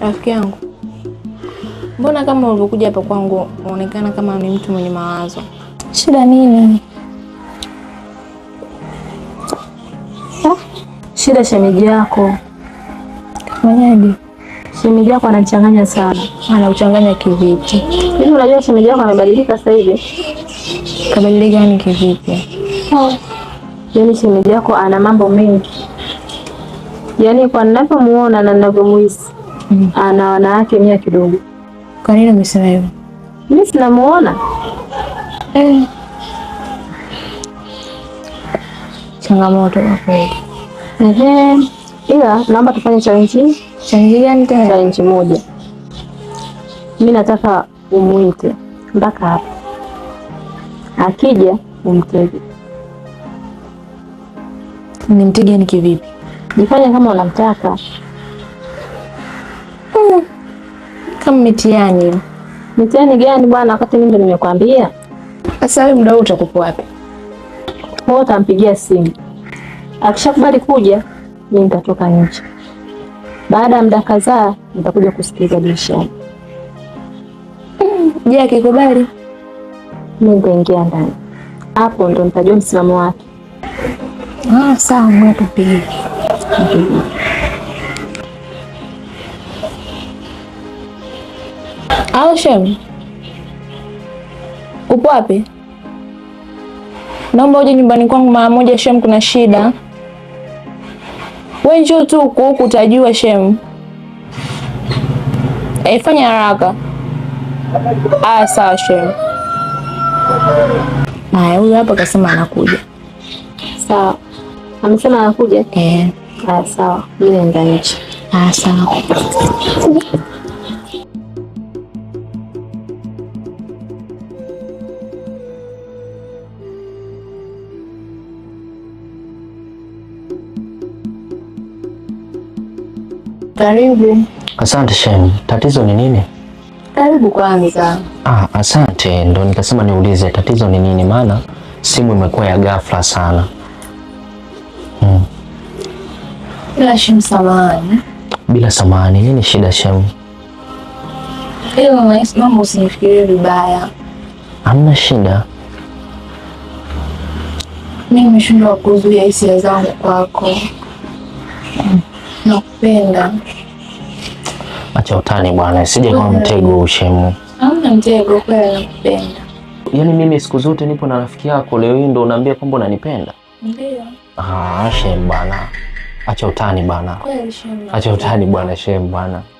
Rafiki yangu, mbona kama ulivyokuja hapa kwangu unaonekana kama ni mtu mwenye mawazo? Shida nini? Shida shemeji yako mwenyeji. Shemeji yako anachanganya sana. Anauchanganya kivipi? Mimi unajua shemeji yako amebadilika sasa hivi. Kabadilika gani kivipi? Yaani shemeji yako ana mambo mengi, yaani kwa ninavyomuona na ninavyomuhisi mm. Ah, ana wanawake mia kidogo. Kwa nini umesema hivyo? Mimi sinamuona eh. Changamoto kwa kweli. ila naomba tufanye challenge. Challenge gani tena? Challenge moja. Mimi nataka umwite mpaka hapa, akija umtege. Nimtege ni kivipi? Jifanye kama unamtaka kama mitihani. Mitihani gani bwana, wakati mimi ndo nimekwambia? Sasa wewe muda huu utakupo wapi? Kwa utampigia simu, akishakubali kuja mimi nitatoka nje. Baada ya muda kadhaa nitakuja kusikiliza dirishani. Je, akikubali mimi nitaingia ndani, hapo ndo nitajua msimamo wake. Ah, sawa, mwepo pia Halo Shem, upo wapi? Naomba uje nyumbani kwangu mara moja Shem, kuna shida. We njoo tu huku huku utajua Shem. E, fanya haraka. Aya, sawa Shem. Aya, huyu hapa kasema anakuja. Sawa, amesema anakuja. Eh, aya, sawa. Mimi naenda nje. Aya, sawa. Karibu. Asante Shem, tatizo ni nini? Karibu kwanza. Ah, asante, ndo nikasema niulize tatizo ni nini, maana simu imekuwa ya ghafla sana. Hmm. Bila Shem, samahani. Bila samahani, nini shida Shem? Ila mambo usinifikirie vibaya. Hamna shida. Mimi nimeshindwa kuzuia hisia zangu kwako. Hmm. Nakupenda. Acha utani bwana, sije kama mtego ushemu. Hamna mtego, kweli nakupenda. Yaani mimi siku zote nipo na rafiki yako, leo hii ndo unaambia kwamba unanipenda? Ndio. Ah, shemu bwana. Acha utani bwana. Kweli Acha utani bwana, shemu bwana.